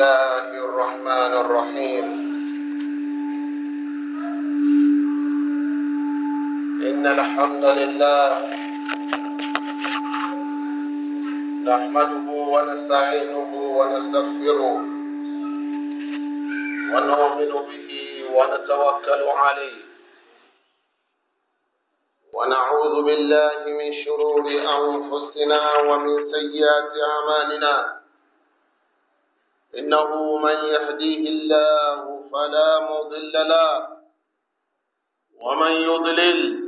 الله الرحمن الرحيم إن الحمد لله نحمده ونستعينه ونستغفره ونؤمن به ونتوكل عليه ونعوذ بالله من شرور أنفسنا ومن سيئات أعمالنا إنه من يهديه الله فلا مضل له ومن يضلل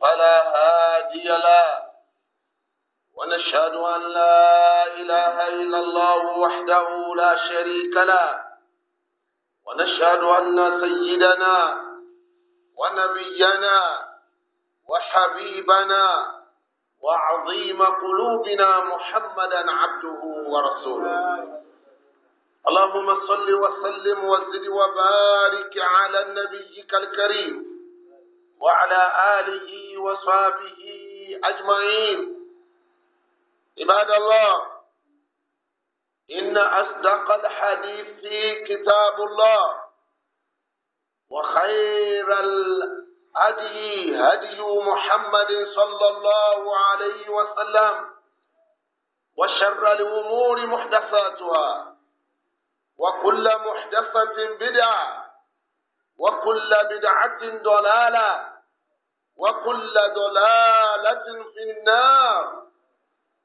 فلا هادي له ونشهد أن لا إله إلا الله وحده لا شريك له ونشهد أن سيدنا ونبينا وحبيبنا وعظيم قلوبنا محمدا عبده ورسوله اللهم صل وسلم وزد وبارك على نبيك الكريم وعلى آله وصحبه أجمعين عباد الله إن أصدق الحديث كتاب الله وخير الهدي هدي محمد صلى الله عليه وسلم وشر الأمور محدثاتها وكل محدثة بدعة وكل بدعة ضلالة وكل ضلالة في النار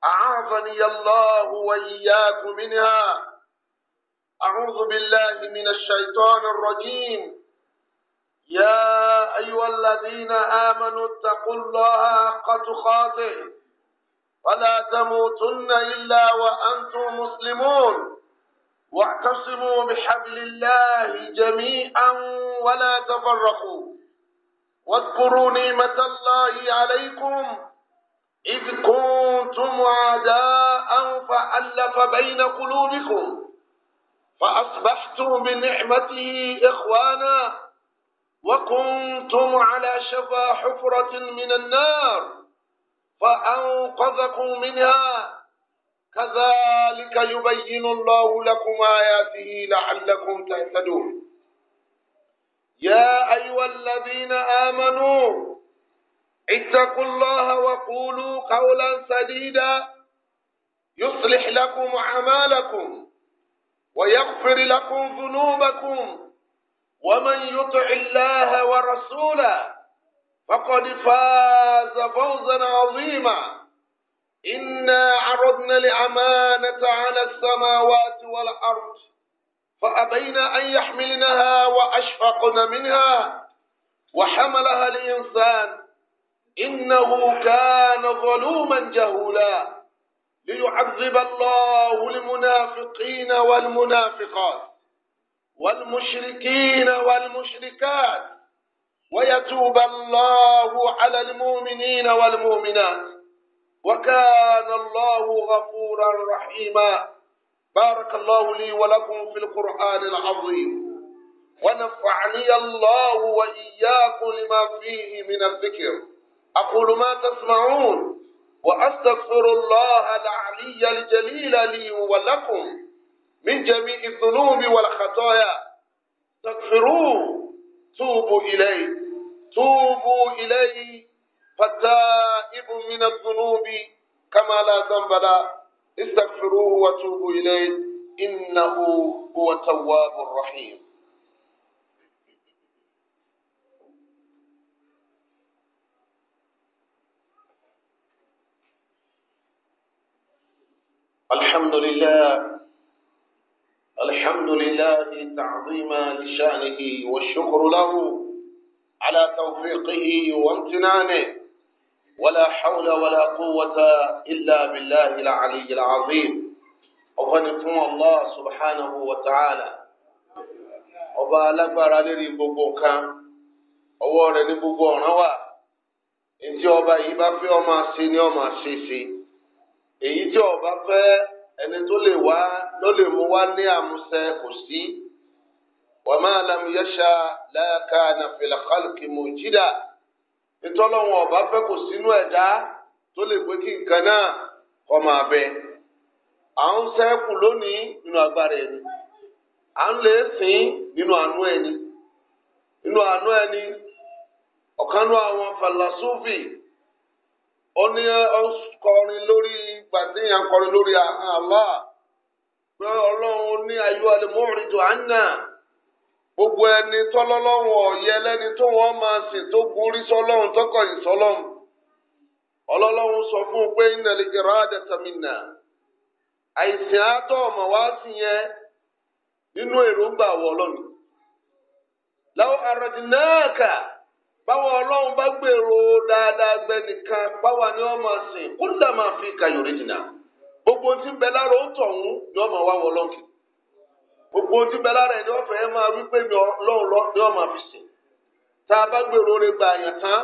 أعاذني الله وإياك منها أعوذ بالله من الشيطان الرجيم يا أيها الذين آمنوا اتقوا الله حق تقاته ولا تموتن إلا وأنتم مسلمون واعتصموا بحبل الله جميعا ولا تفرقوا واذكروا نعمة الله عليكم إذ كنتم أعداء فألف بين قلوبكم فأصبحتم بنعمته إخوانا وكنتم على شفا حفرة من النار فأنقذكم منها كذلك يبين الله لكم آياته لعلكم تهتدون يا أيها الذين آمنوا اتقوا الله وقولوا قولا سديدا يصلح لكم أعمالكم ويغفر لكم ذنوبكم ومن يطع الله ورسوله فقد فاز فوزا عظيما إنا عرضنا الأمانة على السماوات والأرض فأبين أن يحملنها وأشفقن منها وحملها الإنسان إنه كان ظلوما جهولا ليعذب الله المنافقين والمنافقات والمشركين والمشركات ويتوب الله على المؤمنين والمؤمنات وكان الله غفورا رحيما بارك الله لي ولكم في القرآن العظيم ونفعني الله وإياكم لما فيه من الذكر أقول ما تسمعون وأستغفر الله العلي الجليل لي ولكم من جميع الذنوب والخطايا استغفروه توبوا إليه توبوا إليه فالتائب من الذنوب كما لا ذنب له استغفروه وتوبوا إليه إنه هو التواب الرحيم الحمد لله الحمد لله تعظيما لشأنه والشكر له على توفيقه وامتنانه ولا حول ولا قوة إلا بالله العلي العظيم أغنكم الله سبحانه وتعالى ọba alágbára lérí gbogbo nǹkan ọwọ́ rẹ̀ ní gbogbo ọ̀ràn wà ntí ọba yìí bá fẹ́ ọmọ àṣẹ ni ọmọ àṣẹ ṣe èyí tí ọba fẹ́ ẹni tó lè wá ló lè mú wá ní àmúṣẹ kò sí wa ma lam yasha la kana nítọ́lọ́wọ́n ọba fẹ́ kò sínú ẹ̀dá tó lè pé kí nǹkan náà kọ́ máa bẹ. à ń sẹ́kù lónìí nínú agbára ẹni à ń lè sìn nínú àánú ẹni nínú àánú ẹni ọ̀kanú àwọn falasúfì ó ní ọkọrin lórí gbàdéyàn kọrin lórí àhán àlá pé ọlọ́run ní ayọ́ alẹ́ mọ́rin tó àná. gbogbo ẹni tọ́lọ́lọ́run ọ̀yẹ lẹ́ni tó wọ́n máa sìn tó gorí sọ́lọ́run tọkọ̀ yìí sọ́lọ́run sọ fún pé ìnàlẹ́gẹ̀rọ àdẹ̀tàmínà àìsàn àtọ̀ ọ̀mọ̀ wá sí yẹn nínú èròǹgbà wọ̀ láwọn àròjìnnáàkà báwọn ọlọ́run bá gbèrò dáadáa gbẹ nìkan báwa ni máa gbogbo tí ń bẹ lára ó tọ̀hún ni máa wá gbogbo ojú bẹ lára ẹni wọn fẹẹ máa wí pé mi Ọlọ́run ni wọn máa fi sìn tá a bá gbèrò orin gba àyàn tán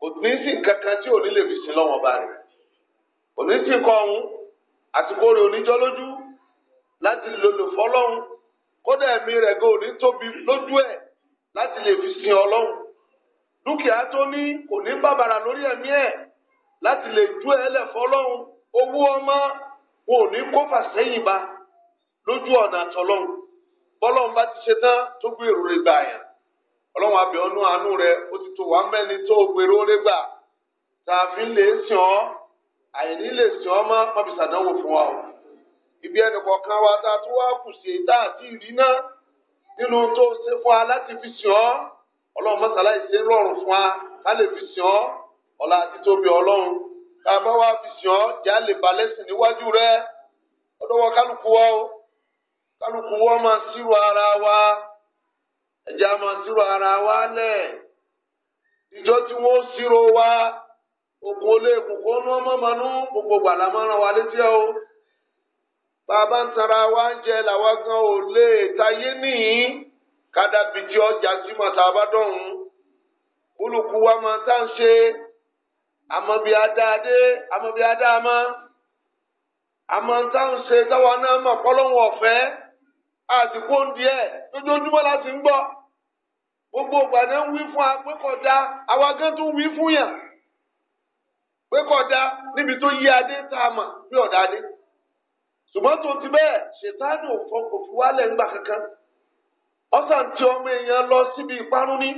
kò ní sí kankan tí òní lè fi sìn lọ́wọ́n ba rẹ̀ òní sì kọ ọ̀hún àsìkò rẹ̀ oníjọ́ lójú láti lòlò fọlọ́hún kódà ẹ̀mí rẹ̀ gan òní tóbi lójú ẹ̀ láti lè fi sìn Ọlọ́hun dúkìá tó ní kò ní bàbàrà lórí ẹ̀mí ẹ̀ láti lè ju ẹ̀ lẹ̀ fọlọ́hún owó ọmọ wọn ò ní kó fà sẹ́yìn ba. lójú ọ̀nà àtọ̀lọ́hún bọ́lọ́hún bá ti ṣe tán tó gbèrò rẹ̀ gbà yàn ọlọ́run àbẹ̀ ọ̀nù àánú rẹ̀ ó ti tó wá mẹ́ni tó gbèrò rẹ̀ gbà tààfin lè ọ́ àìní lè ọ́ mọ́ pọ́bí sàdánwò fún wa ibi kọ̀ọ̀kan wa wá kù sí nínú tó ṣe fún wa láti fi ọ́ ọlọ́run rọrùn fún wa ká lè fi ọ́ kálukú wọn máa sírò ara wa ẹja máa sírò ara wa lẹ ìjọ tí wọn sírò wa olè kòkó ní ọmọ mọnú gbogbo gbàlá máa o bàbá ń tara wa ń jẹ làwa gan ò lè tayé nìyí tí ọjà bá dọ̀hún kúlùkù wa máa tá à ń ṣe àmọ́bí adáadé àmọ́bí àsìkò oúnjẹ lójoojúmọ́ láti ń gbọ́ gbogbo ìgbàdé ń wí fún wa pé kọjá àwa gan tún wí fún yàn pé kọjá níbi tó yí adé tá a mọ̀ bí ọ̀dà adé ṣùgbọ́n tó ti bẹ́ẹ̀ kò fi wálẹ̀ ńgbà kankan ọ̀sán ọmọ èèyàn lọ síbi ìparun ní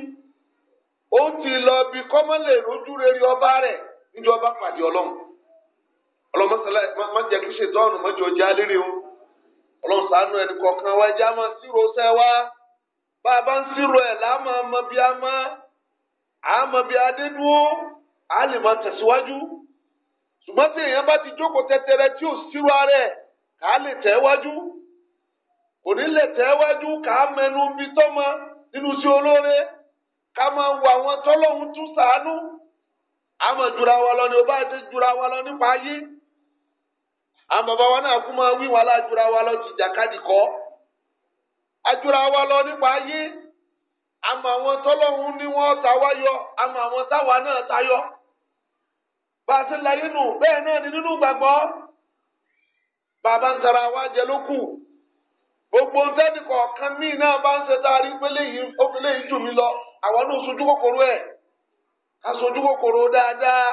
ó ti lọ bí kọ́mọ́lẹ̀ lójú rere ọba rẹ̀ níjọba pàdé ọlọ́run má jẹ́ kí ṣètọ́nù mọ́jọ́ ọlọ́run ṣàánú ẹni kọ̀ọ̀kan wa ẹja máa sírò sẹ́ wa bá a bá ń sírò ẹ̀ láàmú ọmọ bíi amá àmọ bíi adédúró a lè máa tẹ̀síwájú ṣùgbọ́n tí èèyàn bá ti jókòó tẹ́tẹ́rẹ́ tí ò sírò ara ẹ̀ kà á lè tẹ̀ wájú kò ní lè tẹ̀ wájú kà á mẹnu bí tọ́mọ nínú sí olóore ká máa wọ àwọn tọ́lọ́hún tún ṣàánú àmọ̀ jura wa lọ ni ó bá ti jura wa lọ nípa ayé àmọ́ bàbá náà kú máa wíwá lájúra wa lọ jìjà káàdì kọ́ ajúra wa lọ nípa ayé àmọ́ àwọn tọ́lọ́hún ni wọ́n ta wáyọ àmọ́ àwọn táwa náà tayọ bá a ti láyé nù bẹ́ẹ̀ náà ni nínú gbàgbọ́ bàbá ń tara wa jẹ lókù gbogbo ntẹ́ni kọ̀ọ̀kan míì náà bá ń ṣe dárí pé léyìí ó fi léyìí jù mí lọ àwọn náà sojú kòkòrò ẹ̀ ká sojú kòkòrò dáadáa.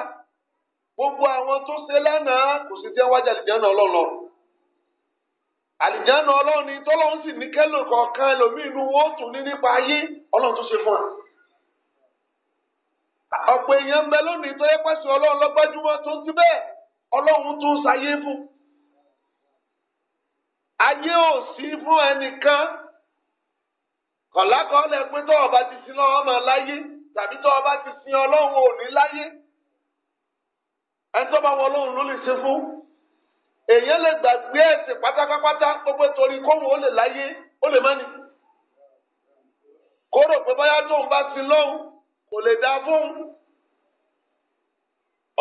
gbogbo àwọn tó ṣe lánàá kò sì jẹ́ wájà àlìjáná ọlọ́ọ̀lọ́. lọ. àlìjáná ọlọ́run ni tọ́lọ́run sì ní kẹ́lò kọ̀ọ̀kan ẹlòmíín inú wọn ó tún ní nípa ayé ọlọ́run tó ṣe fún wa. ọ̀pọ̀ èèyàn ń bẹ lónìí tó yẹ pẹ́sì ọlọ́run lọ́gbájúmọ́ tó ń ti bẹ́ẹ̀ ọlọ́run tún ṣayé fún. ayé ò sí fún ẹnìkan kọ̀lákọ̀ọ́lẹ̀ pé tọ́ọ̀ bá ti sin lọ́wọ́ máa láyé tàbí tọ́ọ̀ bá ti sin ọlọ́run ò láyé. ẹni tó bá ló lè ṣe fún èyí lè gbàgbé ẹ̀sìn pátápátá gbogbo torí kóhùn ó lè láyé ó lè mọ́ni kó rò pé báyá tóun bá kò lè dá fún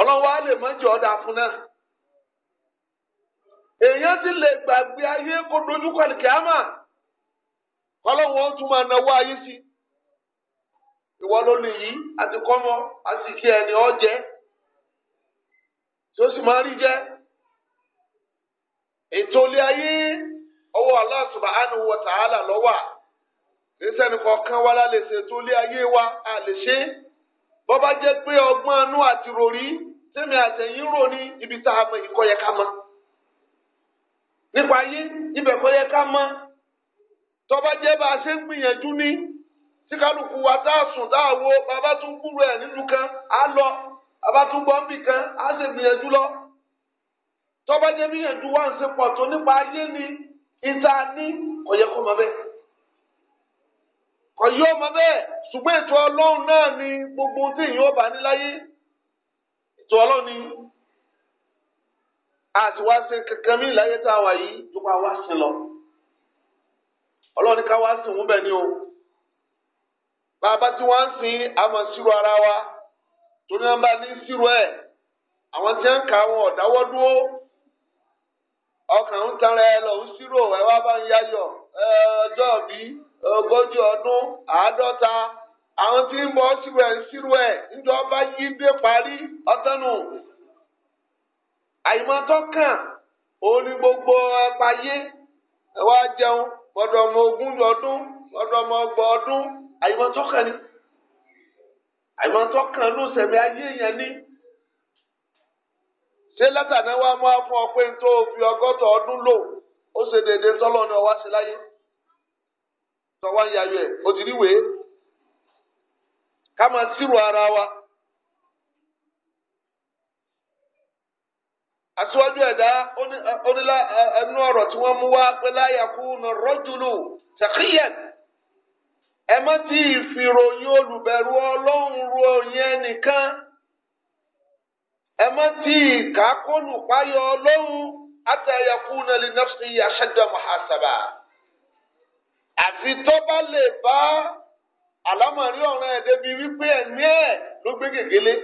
ọlọ́wọ́ á lè mọ́jọ́ ọ̀dà fún náà èèyàn ti lè gbàgbé ayé kó dojú ó tún máa náwó ayé sí ìwọ tí ó sì máa rí jẹ́ ètò ilé ayé ọwọ́ Allah subhanahu wa ta'ala lọ́wà kọ̀ọ̀kan wa la lè ilé ayé wa a lè ṣe bọ́ bá jẹ́ pé ọgbọ́n inú àti ròrí tẹ́mi àtẹ̀yìn rò ní ibi tá a mọ ìkọ́ yẹ ká mọ́ nípa ayé ibẹ̀ kọ́ yẹ ká mọ́ tó bá jẹ́ bá a ṣe ń gbìyànjú ní tí kan á lọ abatúgbọ́ nbì kan á sì gbìyànjú lọ tọ́ba jẹ́ gbìyànjú wá ń ṣe pọ̀ tó nípa ayé ni ìta ní kò yẹ kó mọ bẹ́ẹ̀ kò yọ ọmọ bẹ́ẹ̀ ṣùgbọ́n ètò ọlọ́run náà ni gbogbo tí èèyàn ọba níláyé ètò ọlọ́run ni àti wá sí kankan mí láyé tá a wà yìí tó bá wá sí lọ ọlọ́run ká wá sí òun bẹ́ẹ̀ ni o bàbá tí wọ́n ń sin àmọ̀ sírò ara wa. torí wọn bá ní sírò ẹ àwọn tí wọn kà wọn ọdáwọ dúró ọkàn ń tanra ẹ lọ ń sírò ẹ wá bá ń yáyọ ọjọ́ bí ogójì ọdún àádọ́ta àwọn tí ń bọ sírò ẹ ń sírò ẹ níjọ bá yí dé parí kàn gbogbo àìmọ̀tọ́ kan ló sẹ̀mí ayé yẹn ní. ṣé látàná wa máa fún ọ pé n tó fi ọgọ́ta ọdún lò ó ṣe déédéé tọ́lọ́ ni ọwá sí láyé sọ wá ń yayọ ẹ̀ ó ti ríwèé ká máa sírò ara wa. aṣíwájú ẹ̀dá onílá ẹnu ọ̀rọ̀ tí wọ́n mú wá pé láyà kú nà rọ́jùlù tàkìyàn. ẹ má tí ruo fi ròyìn olùbẹ̀rù ọlọ́run ròyìn ẹnìkan ẹ má ọlọ́run àtẹ̀yẹkùn lè nafsi ashadda muhasaba àfi tó bá lè bá àlámọ̀rí ọ̀ràn ẹ̀ débi wípé ẹ̀mí ẹ̀ ló gbé gègélé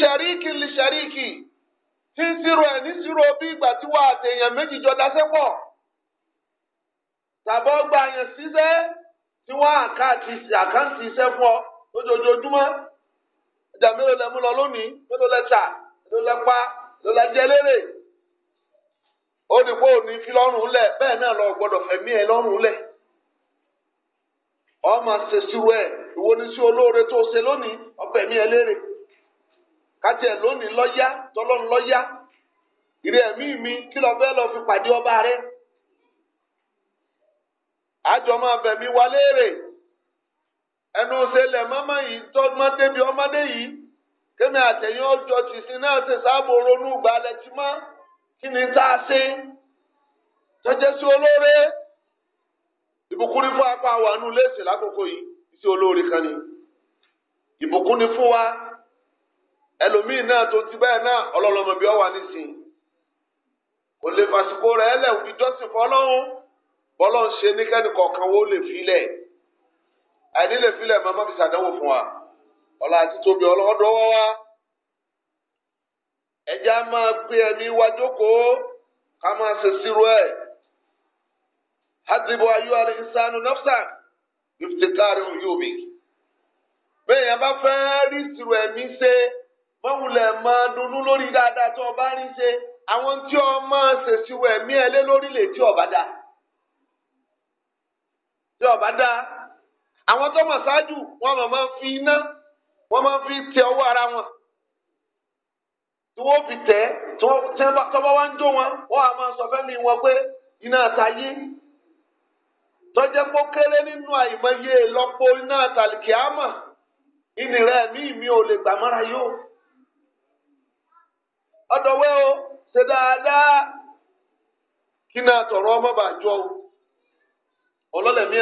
shariki li shariki. tí ń ṣírò ẹ̀ ní ṣírò bí ìgbà tí wà àti èèyàn méjì jọ dáṣẹ́ pọ̀ tàbọ̀ gba àyàn síṣẹ́ tí wọ́n àkáǹtì iṣẹ́ fún ọ lójoojúmọ́ ìjà mélòó lẹ mú lọ lónìí mélòó lẹ tà mélòó lẹ pa mélòó lẹ jẹ lérè ó ní kó o ní fi lọ́rùn lẹ̀ bẹ́ẹ̀ náà lọ gbọ́dọ̀ fẹ̀mí ẹ lọ́rùn lẹ̀ ni sí olóore tó ṣe lónìí ẹ lérè. kájí ẹ̀ lónìí lọ́yá tọ́lọ́run lọ́yá ìrẹ́ ẹ̀mí mi kí lọ fẹ́ lọ fi pàdé ọba rẹ. àjọ máa bẹ̀mí wa léèrè ẹnu ṣẹlẹ̀ mọ́mọ́ yìí tọ́gbọ́n débi ọmọdé yìí kémi àtẹ̀yìn ọjọ́ tìsín náà ṣe sáàbò ronú gbalẹ̀ tí mọ́ kí ni tá a ṣe tọ́jẹ́ sí olóore ìbùkún ní fún apá wa nù léèsì lákòókò yìí sí olóore kan ni ìbùkún ní fún wa ẹlòmíì náà tó ti bẹ́ẹ̀ náà ọlọ́lọ́mọ bí ọ wà nísìnyí kò lè fàsìkò rẹ̀ ẹlẹ́ òbí jọ́sìn fọlọ́hún bọ́lọ́ ń ṣe ní kẹ́nìkan kan wo lè filẹ̀ àìní lè filẹ̀ màmá fi ṣàdánwò fún wa ọ̀la àti tóbi ọlọ́dọ́ wá wá ẹja máa gbé ẹ̀mí wa ká máa ṣe sírò ẹ̀ hadibu ayu isanu nafsa iftikari oyobi bẹ́ẹ̀ yẹn bá fẹ́ rí sírò ẹ̀mí ṣe. mọ̀wùlẹ̀ máa dunnú lórí dáadáa tó o rí ṣe àwọn tí o máa ṣèṣirò ẹ̀mí ẹ lé lórí lè tí ọba dá tí ọba dá àwọn tó mọ̀ ṣáájú wọn mọ̀ máa fi iná wọn máa fi tẹ ọwọ́ ara wọn tí wọ́n fi tẹ̀ tí wá ń jó wọn wọ́n á máa sọ fẹ́mi wọn pé iná àtàyé tọ́jẹ́ pọ́ kéré nínú àìmọye ìlọ́po iná àtàlìkíámà ìnira ẹ̀mí mi ò lè ọdọwẹ ṣe dáadáa kí tọrọ ọmọ bàjọ o ọlọlẹmí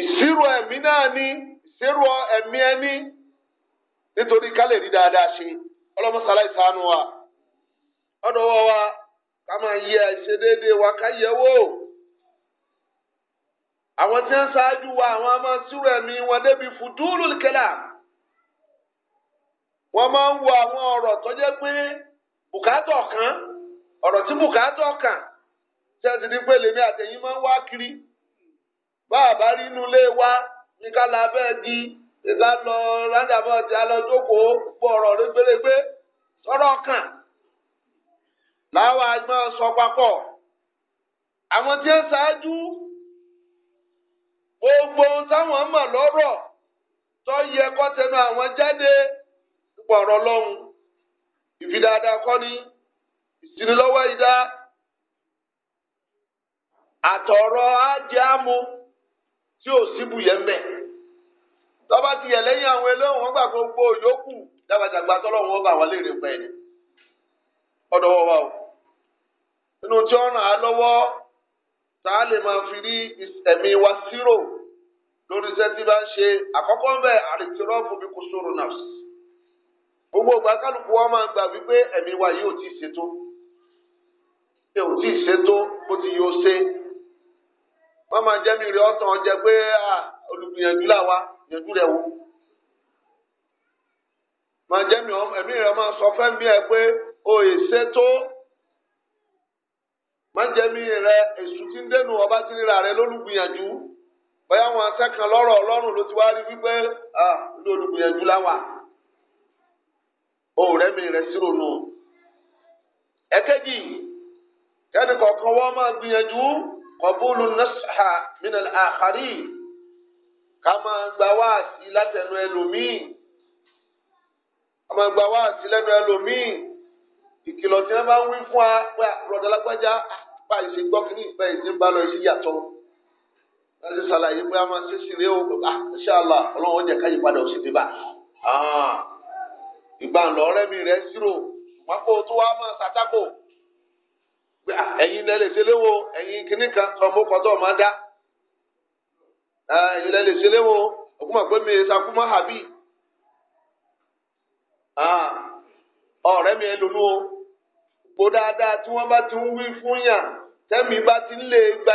ẹ o ẹ̀mí náà ni ìṣirò ẹ̀mí ẹni nítorí ká lè rí dáadáa ṣe ọlọmọsálá ìsànù wa ọdọwọ wa ká máa yẹ àìṣedéédé wa ká yẹ wò àwọn tí wọn ṣáájú wa àwọn ṣírò ẹ̀mí wọn débi wọ́n máa ń wo àwọn ọ̀rọ̀ tó jẹ́ pé bùkátọ̀ kan ọ̀rọ̀ tí bùkátọ̀ kan ṣe ti di pé lèmi àtẹ̀yìn máa ń wá kiri bá a bá rí inú ilé wa ní ká la bẹ́ẹ̀ di ìka lọ rádàbọ̀ tí a gbọ́ ọ̀rọ̀ rẹ́gbẹ́rẹ́gbẹ́ sọ̀rọ̀ kan láwa máa sọ papọ̀ àwọn tí ń ṣáájú gbogbo táwọn mọ̀ lọ́rọ̀ tó yẹ kó tẹnu àwọn jáde. púpọ̀ ọ̀rọ̀ Ọlọ́run ìfidáadáa kọni ni ìsinilọ́wọ́ ìdá àtọ̀rọ̀ ajé àmú tí ò síbu yẹn tọ́ba ti yẹ lẹ́yìn àwọn eléwọ̀n wọn gbà gbogbo yòókù dàgbàdàgbà tọ́lọ́wọ́n wọn bá wà léèrè pẹ́ ni ọ̀dọ̀ wà o tí ó ràn á lọ́wọ́ tá a lè máa gbogbo ìgbà kálukú wa máa gbà wípé ẹ̀mí wa yóò ti ṣètò yóò ti ṣètò bó ti yóò ṣe wọ́n máa jẹ́ mi rí ọ̀tàn ọ̀jẹ̀ pé olùgbìyànjú làwa yànjú rẹ̀ wò máa jẹ́ mi ẹ̀mí rẹ̀ máa sọ fẹ́ mi ẹ pé o è ṣètò máa jẹ́ mi rẹ̀ èṣù tí ń dẹnu ọba tí ríra rẹ̀ lólùgbìyànjú bóyá wọn akẹ́kọ̀ọ́ lọ́rọ̀ ọlọ́run ló ti wá rí wípé ah olùgbìyànjú làwa. òrẹ́ mi rẹ sí ronú. ẹ̀kẹ́jì ka kọ̀ọ̀kan wọ́n máa gbìyànjú kọ̀bùlù minal akhari ká máa gba wáàsí látẹnu ẹlòmíì ká máa gba wáàsí ìkìlọ̀ tí wọ́n bá ń wí fún wa pé àròdà lágbájá bá ìṣe kí ní ìfẹ́ ìdí lọ sí yàtọ̀ láti ṣàlàyé pé a máa ṣe sílé ọlọ́run ó jẹ́ ká ìgbà ńlọ rẹ́mi rẹ̀ zero wọn kó o tó wá mọ̀ sátàkò ẹ̀yin lẹ́lẹ̀ ṣẹlẹ́wò kìnnì kan sọmọ kọtọ́ ọ̀ máa dá ẹ̀yin lẹ́lẹ̀ ṣẹlẹ́wò ọkùnrin àgbẹ̀ mi ṣàkú mọ́ mi ẹ lónú o gbó dáadáa tí bá ti ń wí fún yàn tẹ́mi bá ti ń lè gba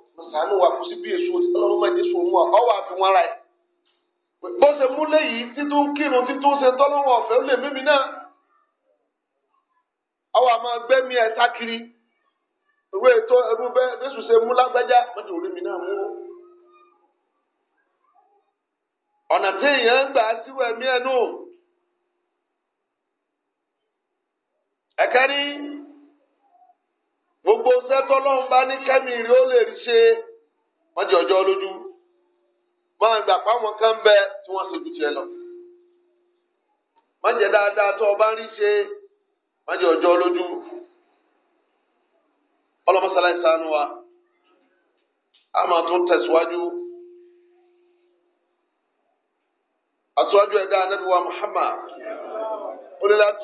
sànù wà kó bi bí èso ọlọ́run ma jẹ́ sòun wà ọwọ́ àfi wọn ra ẹ̀. bó ṣe mú léyìí títún kírun títún ṣe tọ́lọ́wọ́ ọ̀fẹ́ ó lè mímí náà. ọwọ́ àmọ́ ètò ẹrú ṣe mú lágbájá mi náà mú. ọ̀nà tí èèyàn ń gbà síwọ̀ ẹ̀mí ẹ̀ nù. gbogbo sẹ́tọ́ lọ́hún bá ní kẹ́mìrì ó lè rí ṣe mọ́jọ ọjọ́ lójú máa gbà páwọn kan bẹ tí wọ́n ṣe ju tiẹ̀ lọ. mọ́jẹ dáadáa tó o bá rí ṣe mọ́jọ ọjọ́ lójú ọlọ́mọsálá wa a máa tún tẹ̀síwájú. àtúwájú ẹ̀dá anábíwá Muhammad ó ní láti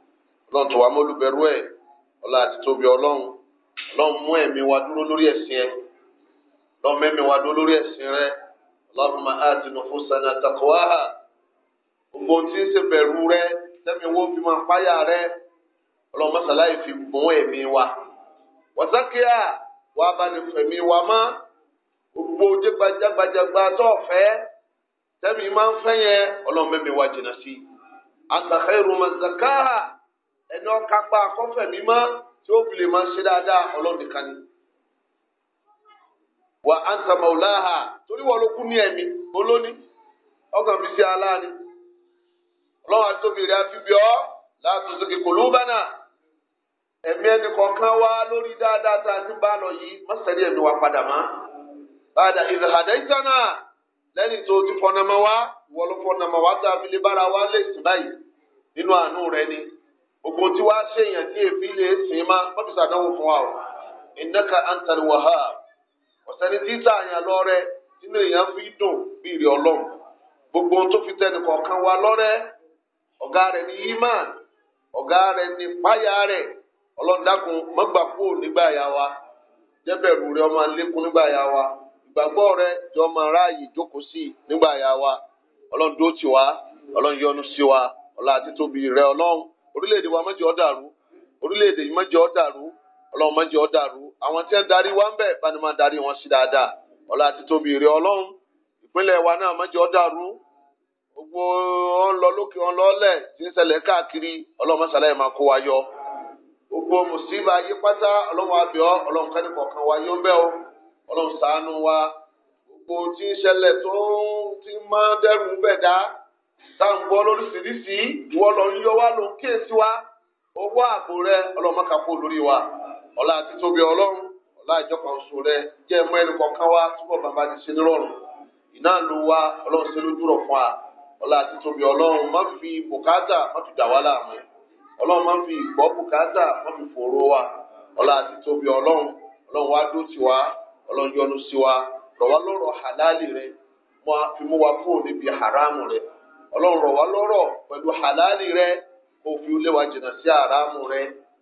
ọlọ́run tó wá mọ́lúbẹ̀rú ẹ̀ ọlá àti tóbi ọlọ́run ọlọ́run mú ẹ̀mí wa dúró lórí ẹ̀sìn ẹ̀ ọlọ́run mẹ́mí wa dúró lórí ẹ̀sìn rẹ̀ Allahumma ati nufusana taqwaha gbogbo ohun tí ń ṣe bẹ̀rù rẹ sẹ́mi wo fi máa páyà rẹ ọlọ́run mọ́sálàyé fi gbọ́n ẹ̀mí wa wàsákìá wà á bá ní fẹ̀mí wa mọ́ gbogbo jẹgbajàgbajàgba tó fẹ́ sẹ́mi máa ń fẹ́ yẹn ọlọ́run mẹ́mí wa jìnnà sí àtàkẹ́ ìrùmọ̀ ẹni ọkápá akọ́fẹ̀mí mọ́ tí ó fi lè máa ṣe dáadáa ọlọ́run ni. wà á ń ta màúláhà torí wọn ló kú ní ẹ̀mí olóní ọkàn fi ṣe aláàánú ọlọ́run àti tóbi rẹ̀ àfi bíọ́ láti sókè kòló bánà ẹ̀mí ẹni kọ̀ọ̀kan wá lórí dáadáa tá a ti bá lọ yìí má sẹ́ni ẹ̀mí wa padà má. bàdà ìrìnàdà ìtànà lẹ́yìn tó ti fọnàmọ́ wá ìwọ ló fọnàmọ́ wá tá a fi lè bára wá lè sùn báyìí nínú àánú rẹ ni. ogbo tí wàá ṣèyàn tí èfi lè sìn má bọ́dù sàdánwò fún wa o ìnáka antal wahab ọ̀sẹ̀ni títà àyàn lọ́rẹ́ nínú èèyàn fi dùn bí ìrì ọlọ́run gbogbo ohun tó fi tẹnu kọ̀ọ̀kan wa lọ́rẹ́ ọ̀gá rẹ̀ ní imán ọ̀gá rẹ̀ ní páyà rẹ̀ ọlọ́run dákun mọ́gbà kú nígbà yà wa jẹ́bẹ̀rù ọmọ nígbà yà orílẹ̀-èdè wa má dàrú orílẹ̀-èdè yìí má dàrú ọlọ́run dàrú àwọn tí wọ́n darí wa ń bá ní máa darí wọn sí dáadáa ọlá àti tóbi ọlọ́run ìpínlẹ̀ wa náà má dàrú gbogbo lọ lókè lọ́lẹ̀ tí ń káàkiri ọlọ́run mọ́sálẹ̀ máa yọ gbogbo pátá ọlọ́run wa wa tá à ń gbọ́ lóríṣiríṣi ìwọ lọ ń yọ wá ló ń kíyèsí wa owó ààbò rẹ ọlọ́mọkà kó lórí wa ọlá àti tóbi ọlọ́run ọlá rẹ jẹ́ ẹni kọ̀ọ̀kan wá túbọ̀ bàbá ti ṣe nírọ̀rùn ló wá ọlọ́run ṣe fún wa àti tóbi ọlọ́run má fi bùkátà má fi wa àti tóbi ọlọ́run ọlọ́run wá dó ọlọ́run rọ̀ wá lọ́rọ̀ pẹ̀lú halali rẹ kó fi lé wa jìnnà sí àràmù rẹ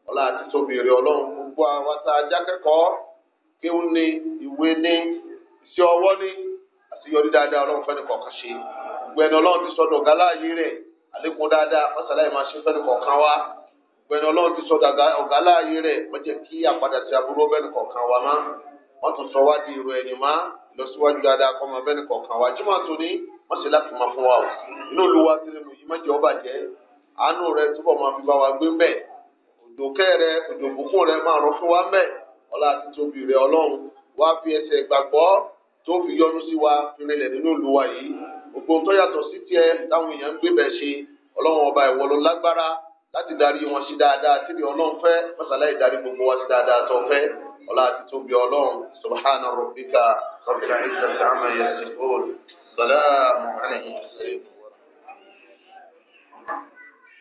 ọlá àti tóbi rẹ ọlọ́run gbogbo àwọn tá a jákẹ́kọ̀ọ́ kéwù ní ìwé ní iṣẹ́ ọwọ́ ní àṣeyọrí dáadáa ọlọ́run ọlọ́run ti sọdọ̀ ọ̀gá láàyè àlékún dáadáa máa ṣe ti sọdọ̀ ọ̀gá láàyè kí àpadà ti aburú kọ̀ọ̀kan wá má wọ́n tún sọ wá di ìrò ẹ̀yìn má ìlọsíwájú wọ́n sì láti máa fún wa o inú olúwa tí nínú yìí mọ́jọ́ ọba jẹ́ àánú rẹ túbọ̀ máa fi bá wa gbé mbẹ́ òjò kẹ́ rẹ òjò bùkún rẹ máa rọ fún wa mbẹ́ ọlá àti tóbi rẹ ọlọ́run wá fi ẹsẹ̀ ìgbàgbọ́ tó fi yọ́nú sí wa rinlẹ̀ nínú olúwa yìí gbogbo tó yàtọ̀ sí tiẹ̀ táwọn èèyàn ń gbé bẹ́ẹ̀ ṣe ọlọ́run ọba ìwọ ló lágbára láti darí wọn sí dáadáa tí mi ọlọ́run fẹ́ mọ́sálá ìdarí gbogbo wa sí dáadáa tó fẹ́ ọlá àti tóbi ọlọ́run subhana rabbika rabbil izzati amma yasifun. السلام عليكم